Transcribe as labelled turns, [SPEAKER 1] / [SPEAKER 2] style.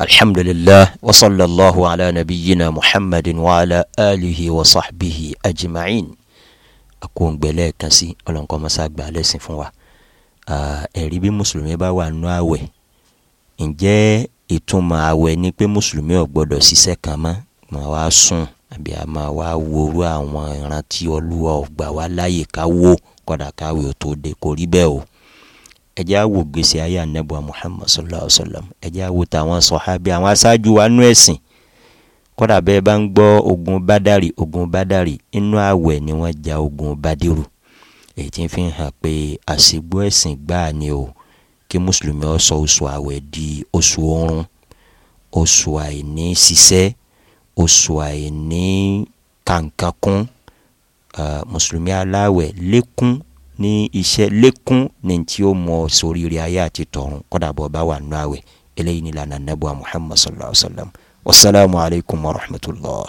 [SPEAKER 1] الحمد لله وصلى الله على نبينا محمد وعلى آله وصحبه أجمعين أكون بلاك كسي ألون كما ساك بالاسم فوا ẹ̀rí bí mùsùlùmí bá wà nù àwẹ̀ ǹjẹ́ ìtumọ̀ àwẹ̀ ni pé mùsùlùmí ò gbọ́dọ̀ ṣiṣẹ́ kan mọ́ máa wá sùn àbí a máa wá worú àwọn ìran tí Olúwa ò gbà wá láyè ká wó kódà káwé ò tó de kò rí bẹ́ẹ̀ o ẹ jẹ́ á wò gbèsè ayé anabu muhammad sallallahu alayhi wa sallam ẹ jẹ́ á wò tàwọn sọ̀hábí àwọn aṣáájú wa nú ẹ̀sìn kódà bẹ́ẹ̀ bá ń gbọ́ ogun bádàrí ogun bádàrí inú àwẹ̀ ni wọ́n ja ogun bádìrú èyí tí ń fi hàn pé àṣìgbó ẹ̀sìn gbáà ni o kí mùsùlùmí ọ sọ oṣù àwẹ̀ di oṣù oorun oṣù àìní ṣiṣẹ́ oṣù àìní kàǹkàkún mùsùlùmí aláwẹ̀ lékún ní iṣẹ́ lékún ní tí ó mọ sórí rẹ̀ ayé àti tọ̀run kọ́dà bọ́ bá wà nù àwẹ̀ eléyìí ni lànà nàbọ̀ Muhammad sallallahu alayhi wa sallam wasalaamu wa rahmatulah.